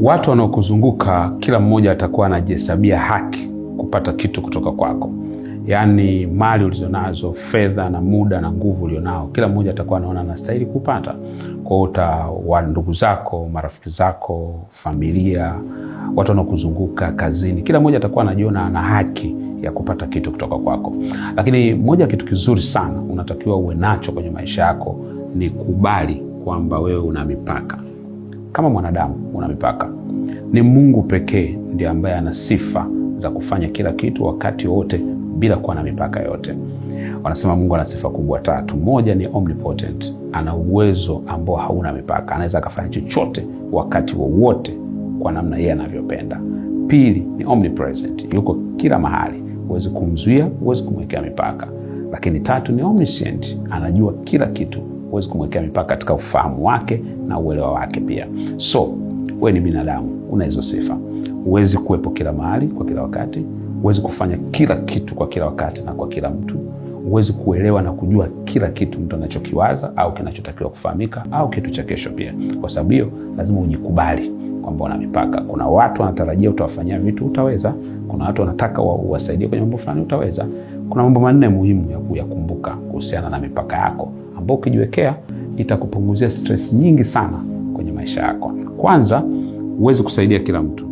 watu wanaokuzunguka kila mmoja atakuwa anajihesabia haki kupata kitu kutoka kwako, yaani mali ulizonazo, fedha na muda na nguvu ulionao, kila mmoja atakuwa anaona anastahili kupata. Kwa hiyo utawa ndugu zako, marafiki zako, familia, watu wanaokuzunguka kazini, kila mmoja atakuwa anajiona ana haki ya kupata kitu kutoka kwako. Lakini moja ya kitu kizuri sana unatakiwa uwe nacho kwenye maisha yako ni kubali kwamba wewe una mipaka. Kama mwanadamu una mipaka. Ni Mungu pekee ndiye ambaye ana sifa za kufanya kila kitu wakati wote bila kuwa na mipaka yote. Wanasema Mungu ana sifa kubwa tatu. Moja ni omnipotent, ana uwezo ambao hauna mipaka, anaweza akafanya chochote wakati wowote kwa namna yeye anavyopenda. Pili ni omnipresent, yuko kila mahali, huwezi kumzuia, huwezi kumwekea mipaka. Lakini tatu ni omniscient, anajua kila kitu huwezi kumwekea mipaka katika ufahamu wake na uelewa wake pia. So wewe ni binadamu, una hizo sifa. Huwezi kuwepo kila mahali kwa kila wakati, huwezi kufanya kila kitu kwa kila wakati na kwa kila mtu, huwezi kuelewa na kujua kila kitu mtu anachokiwaza au kinachotakiwa kufahamika au kitu cha kesho pia. Kwa sababu hiyo, lazima ujikubali kwamba una mipaka. Kuna watu wanatarajia utawafanyia vitu, utaweza. Kuna watu wanataka uwasaidie kwenye mambo fulani, utaweza. Kuna mambo manne muhimu ya kuyakumbuka kuhusiana na mipaka yako ambao ukijiwekea itakupunguzia stress nyingi sana kwenye maisha yako. Kwanza, huwezi kusaidia kila mtu